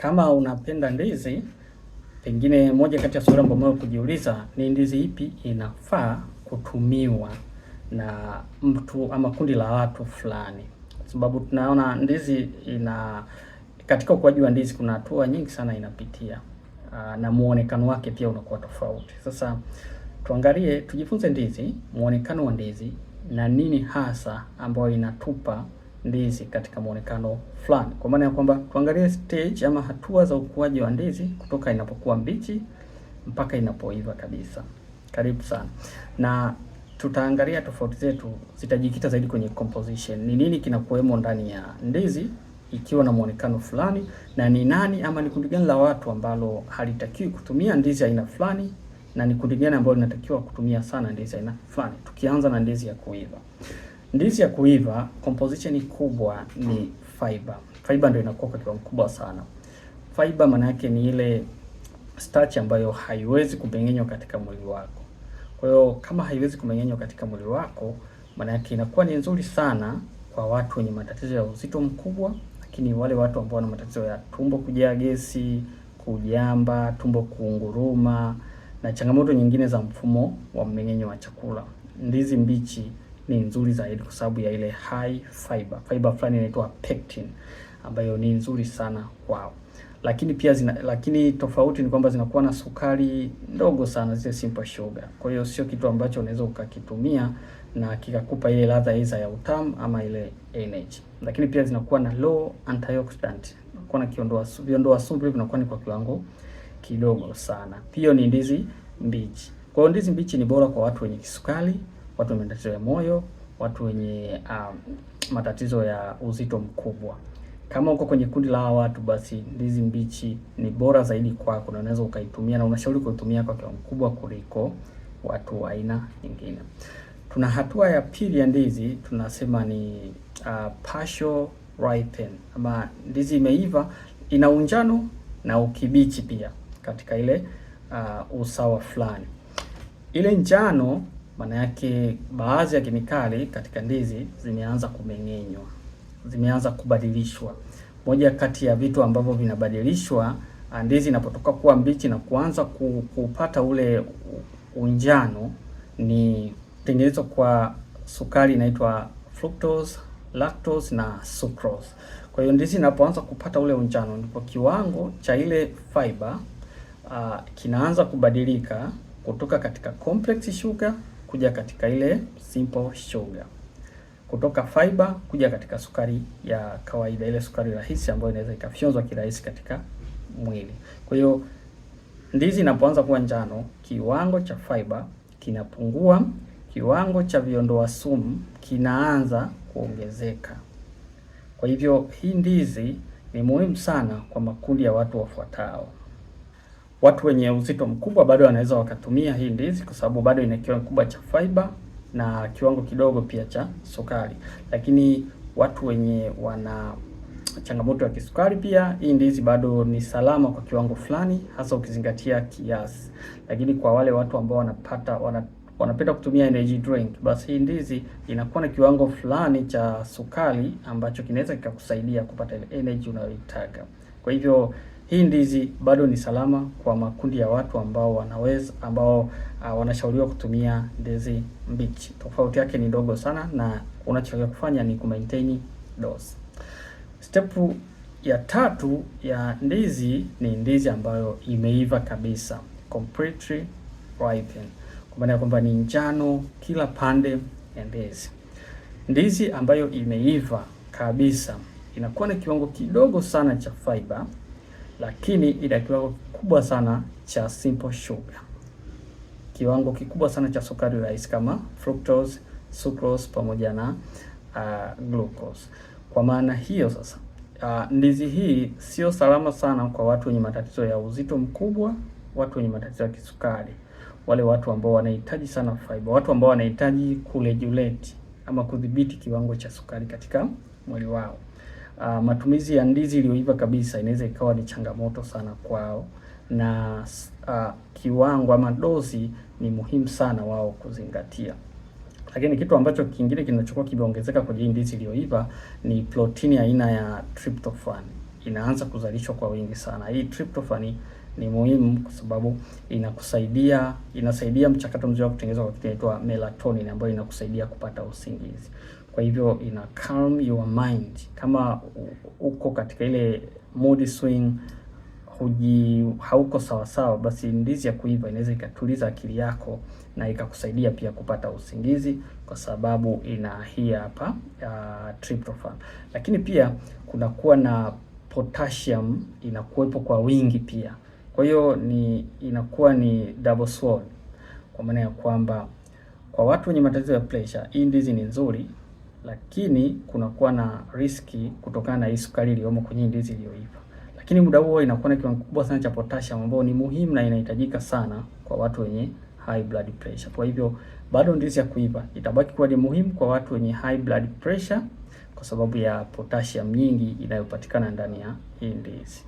Kama unapenda ndizi, pengine moja kati ya swali ambalo kujiuliza ni ndizi ipi inafaa kutumiwa na mtu ama kundi la watu fulani, kwa sababu tunaona ndizi ina katika ukuaji wa ndizi kuna hatua nyingi sana inapitia, ah, na muonekano wake pia unakuwa tofauti. Sasa tuangalie, tujifunze ndizi, muonekano wa ndizi na nini hasa ambayo inatupa ndizi katika muonekano fulani, kwa maana ya kwamba tuangalie stage ama hatua za ukuaji wa ndizi kutoka inapokuwa mbichi mpaka inapoiva kabisa. Karibu sana, na tutaangalia tofauti zetu zitajikita zaidi kwenye composition, ni nini kinakuwemo ndani ya ndizi ikiwa na muonekano fulani, na ni nani ama ni kundi gani la watu ambalo halitakiwi kutumia ndizi aina fulani, na ni kundi gani ambalo linatakiwa kutumia sana ndizi aina fulani, tukianza na ndizi ya kuiva. Ndizi ya kuiva composition kubwa ni fiber. Fiber ndio inakuwa kwa kiwango kubwa sana. Fiber maana yake ni ile starch ambayo haiwezi kumeng'enywa katika mwili wako. Kwa hiyo kama haiwezi kumeng'enywa katika mwili wako, maana yake inakuwa ni nzuri sana kwa watu wenye matatizo ya uzito mkubwa, lakini wale watu ambao wana matatizo ya tumbo kujaa gesi, kujamba, tumbo kuunguruma na changamoto nyingine za mfumo wa mmeng'enyo wa chakula. Ndizi mbichi ni nzuri zaidi kwa sababu ya ile high fiber. Fiber fulani inaitwa pectin ambayo ni nzuri sana kwao. Lakini pia zina, lakini tofauti ni kwamba zinakuwa na sukari ndogo sana zile simple sugar. Kwa hiyo sio kitu ambacho unaweza ukakitumia na kikakupa ile ladha iza ya utamu ama ile energy. Lakini pia zinakuwa na low antioxidant. Kwa na kiondoa viondoa sumu vinakuwa ni kwa kiwango kidogo sana. Pia ni ndizi mbichi. Kwa hiyo ndizi mbichi ni bora kwa watu wenye kisukari watu wenye matatizo ya moyo, watu wenye um, matatizo ya uzito mkubwa. Kama uko kwenye kundi la watu, basi ndizi mbichi ni bora zaidi kwako, na unaweza ukaitumia na unashauri kuitumia kwa kiwango kikubwa kuliko watu wa aina nyingine. Tuna hatua ya pili ya ndizi, tunasema ni uh, partial ripen, ama ndizi imeiva, ina unjano na ukibichi pia katika ile uh, usawa fulani, ile njano maana yake baadhi ya kemikali katika ndizi zimeanza kumeng'enywa, zimeanza kubadilishwa. Moja kati ya vitu ambavyo vinabadilishwa ah, ndizi inapotoka kuwa mbichi na kuanza kupata ule unjano ni kutengenezwa kwa sukari inaitwa fructose, lactose na sucrose. Kwa hiyo ndizi inapoanza kupata ule unjano ndipo kiwango cha ile fiber uh, kinaanza kubadilika kutoka katika complex sugar kuja katika ile simple sugar, kutoka fiber kuja katika sukari ya kawaida, ile sukari rahisi ambayo inaweza ikafyonzwa kirahisi katika mwili. Kwa hiyo ndizi inapoanza kuwa njano, kiwango cha fiber kinapungua, kiwango cha viondoa sumu kinaanza kuongezeka. Kwa hivyo hii ndizi ni muhimu sana kwa makundi ya watu wafuatao watu wenye uzito mkubwa bado wanaweza wakatumia hii ndizi kwa sababu bado ina kiwango kikubwa cha fiber na kiwango kidogo pia cha sukari, lakini watu wenye wana changamoto ya kisukari pia hii ndizi bado ni salama kwa kiwango fulani, hasa ukizingatia kiasi. Lakini kwa wale watu ambao wanapata wana, wanapenda kutumia energy drink, basi hii ndizi inakuwa na kiwango fulani cha sukari ambacho kinaweza kikakusaidia kupata ile energy unayoitaka. Kwa hivyo hii ndizi bado ni salama kwa makundi ya watu ambao wanaweza ambao uh, wanashauriwa kutumia ndizi mbichi. Tofauti yake ni ndogo sana, na unachotakiwa kufanya ni kumaintain dose. Step ya tatu ya ndizi ni ndizi ambayo imeiva kabisa, completely ripen, kwa maana kwamba ni njano kila pande ya ndizi. Ndizi ambayo imeiva kabisa inakuwa na kiwango kidogo sana cha fiber lakini ina kiwango kikubwa sana cha simple sugar, kiwango kikubwa sana cha sukari rahisi kama fructose, sucrose pamoja na uh, glucose. Kwa maana hiyo sasa uh, ndizi hii sio salama sana kwa watu wenye matatizo ya uzito mkubwa, watu wenye matatizo ya kisukari, wale watu ambao wanahitaji sana fiber, watu ambao wanahitaji kuregulate ama kudhibiti kiwango cha sukari katika mwili wao uh, matumizi ya ndizi iliyoiva kabisa inaweza ikawa ni changamoto sana kwao, na uh, kiwango ama dozi ni muhimu sana wao kuzingatia. Lakini kitu ambacho kingine kinachokuwa kimeongezeka kwenye ndizi iliyoiva ni protini aina ya, ya tryptophan inaanza kuzalishwa kwa wingi sana. Hii tryptophan ni muhimu kwa sababu inakusaidia inasaidia mchakato mzuri wa kutengeneza kitu kinaitwa melatonin ambayo inakusaidia kupata usingizi. Kwa hivyo ina calm your mind. Kama uko katika ile mood swing huji hauko sawa sawa, basi ndizi ya kuiva inaweza ikatuliza akili yako na ikakusaidia pia kupata usingizi, kwa sababu ina hii hapa uh, tryptophan. Lakini pia kunakuwa na potassium inakuwepo kwa wingi pia. Kwa hiyo ni inakuwa ni double sword, kwa maana ya kwamba kwa watu wenye matatizo ya pressure hii ndizi ni nzuri, lakini kunakuwa na riski kutokana na hii sukari iliyomo kwenye ndizi iliyoiva. Lakini muda huo inakuwa na kiwango kikubwa sana cha potassium ambao ni muhimu na inahitajika sana kwa watu wenye high blood pressure. Kwa hivyo bado ndizi ya kuiva itabaki kuwa ni muhimu kwa watu wenye high blood pressure kwa sababu ya potassium nyingi inayopatikana ndani ya hii ndizi.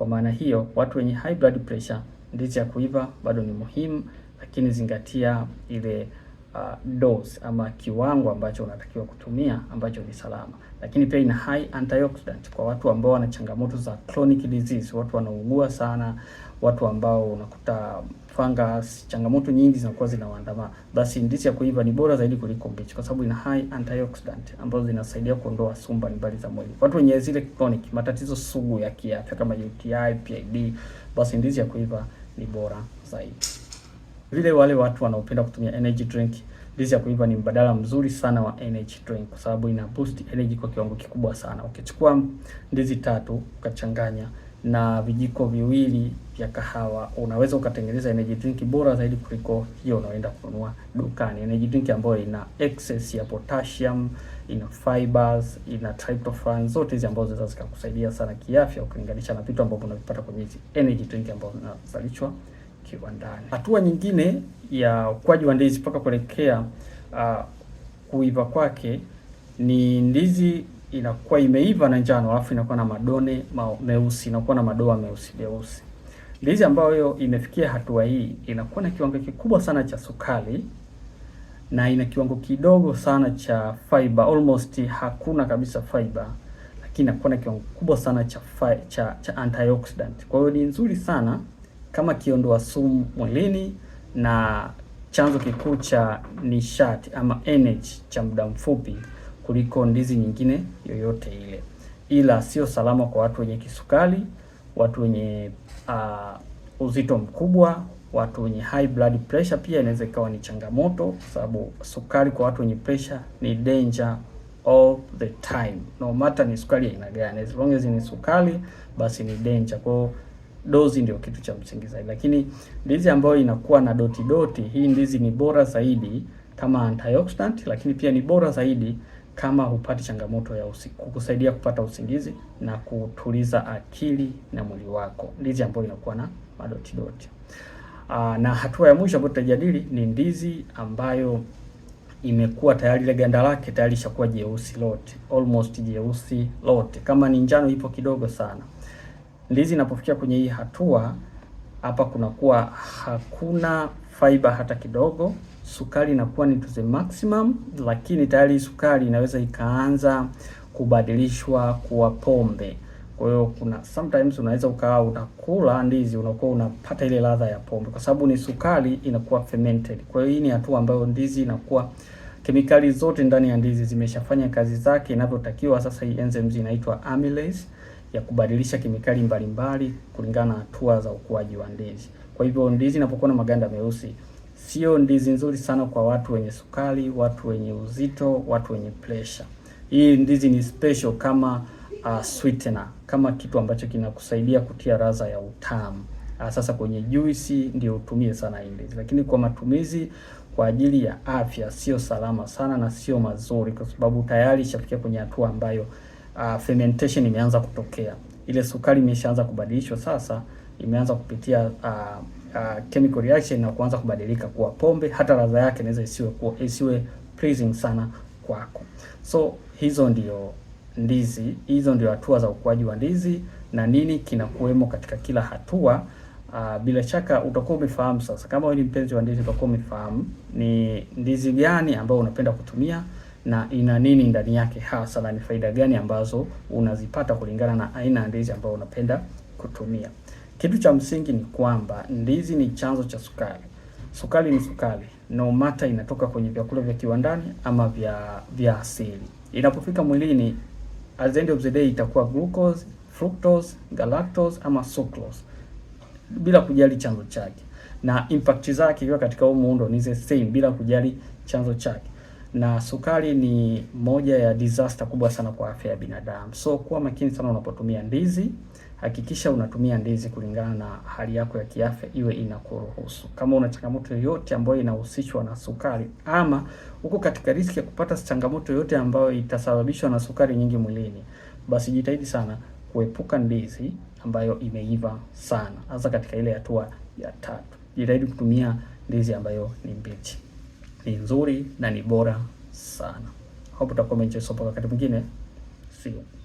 Kwa maana hiyo, watu wenye high blood pressure ndizi ya kuiva bado ni muhimu, lakini zingatia ile uh, dose ama kiwango ambacho unatakiwa kutumia ambacho ni salama, lakini pia ina high antioxidant kwa watu ambao wana changamoto za chronic disease, watu wanaugua sana, watu ambao unakuta fungus, changamoto nyingi zinakuwa zinawaandama, basi ndizi ya kuiva ni bora zaidi kuliko mbichi, kwa sababu ina high antioxidant ambazo zinasaidia kuondoa sumu mbalimbali za mwili. Watu wenye zile chronic, matatizo sugu ya kiafya kama UTI, PID, basi ndizi ya kuiva ni bora zaidi. Vile wale watu wanaopenda kutumia energy drink, ndizi ya kuiva ni mbadala mzuri sana wa energy drink kwa sababu ina boost energy kwa kiwango kikubwa sana. Ukichukua ndizi tatu ukachanganya na vijiko viwili vya kahawa, unaweza ukatengeneza energy drink bora zaidi kuliko hiyo unaoenda kununua dukani. Energy drink ambayo ina excess ya potassium, ina fibers, ina tryptophan, zote hizi ambazo zinaweza zikakusaidia sana kiafya ukilinganisha na vitu ambavyo unavipata kwenye hizi energy drink ambazo zinazalishwa kiwandani. Hatua nyingine ya ukuaji wa ndizi mpaka kuelekea uh, kuiva kwake ni ndizi inakuwa imeiva na njano, alafu inakuwa na madone ma meusi, inakuwa na madoa meusi meusi. Ndizi ambayo imefikia hatua hii inakuwa na kiwango kikubwa sana cha sukari na ina kiwango kidogo sana cha fiber, almost hakuna kabisa fiber, lakini inakuwa na kiwango kikubwa sana cha, cha, cha antioxidant. Kwa hiyo ni nzuri sana kama kiondoa sumu mwilini na chanzo kikuu cha nishati ama energy cha muda mfupi kuliko ndizi nyingine yoyote ile, ila sio salama kwa watu wenye kisukari, watu wenye uh, uzito mkubwa, watu wenye high blood pressure. Pia inaweza ikawa ni changamoto, kwa sababu sukari kwa watu wenye pressure ni danger all the time, no matter ni sukari aina gani, as long as ni sukari basi ni danger kwao dozi ndio kitu cha msingi zaidi, lakini ndizi ambayo inakuwa na doti doti, hii ndizi ni bora zaidi kama antioxidant, lakini pia ni bora zaidi kama hupati changamoto ya usiku, kukusaidia kupata usingizi na kutuliza akili na mwili wako, ndizi ambayo inakuwa na madoti doti. Aa, ah, na hatua ya mwisho ambayo tutajadili ni ndizi ambayo imekuwa tayari ile ganda lake tayari ishakuwa jeusi lote, almost jeusi lote, kama ni njano ipo kidogo sana ndizi inapofikia kwenye hii hatua hapa kunakuwa hakuna fiber hata kidogo, sukari inakuwa ni to the maximum, lakini tayari sukari inaweza ikaanza kubadilishwa kuwa pombe. Kwa hiyo kuna sometimes unaweza ukawa unakula ndizi unakuwa unapata ile ladha ya pombe, kwa sababu ni sukari inakuwa fermented. Kwa hiyo hii ni hatua ambayo ndizi inakuwa kemikali zote ndani ya ndizi zimeshafanya kazi zake inavyotakiwa. Sasa hii enzyme inaitwa amylase ya kubadilisha kemikali mbalimbali kulingana na hatua za ukuaji wa ndizi. Kwa hivyo ndizi inapokuwa na maganda meusi sio ndizi nzuri sana kwa watu wenye sukari, watu wenye uzito, watu wenye pressure. Hii ndizi ni special kama uh, sweetener, kama kitu ambacho kinakusaidia kutia raza ya utamu. Uh, sasa kwenye juisi ndio utumie sana hii ndizi, lakini kwa matumizi kwa ajili ya afya sio salama sana na sio mazuri, kwa sababu tayari ishafikia kwenye hatua ambayo uh, fermentation imeanza kutokea, ile sukari imeshaanza kubadilishwa, sasa imeanza kupitia uh, uh, chemical reaction na kuanza kubadilika kuwa pombe, hata ladha yake inaweza isiwe kuwa isiwe pleasing sana kwako. So hizo ndio ndizi, hizo ndio hatua za ukuaji wa ndizi na nini kinakuwemo katika kila hatua. Uh, bila shaka utakuwa umefahamu sasa. Kama wewe ni mpenzi wa ndizi, utakuwa umefahamu ni ndizi gani ambayo unapenda kutumia na ina nini ndani yake hasa na ni faida gani ambazo unazipata kulingana na aina ya ndizi ambayo unapenda kutumia. Kitu cha msingi ni kwamba ndizi ni chanzo cha sukari. Sukari ni sukari, no matter inatoka kwenye vyakula vya kiwandani ama vya vya asili. Inapofika mwilini, at the end of the day itakuwa glucose, fructose, galactose ama sucrose bila kujali chanzo chake, na impact zake katika huo muundo ni the same bila kujali chanzo chake na sukari ni moja ya disaster kubwa sana kwa afya ya binadamu. So kuwa makini sana unapotumia ndizi, hakikisha unatumia ndizi kulingana na hali yako ya kiafya iwe inakuruhusu. Kama una changamoto yoyote ambayo inahusishwa na sukari ama uko katika riski ya kupata changamoto yoyote ambayo itasababishwa na sukari nyingi mwilini, basi jitahidi sana kuepuka ndizi ambayo imeiva sana, hasa katika ile hatua ya tatu. Jitahidi kutumia ndizi ambayo ni mbichi ni nzuri na ni bora sana. Hope utakuwa umejifunza. Wakati mwingine, see you.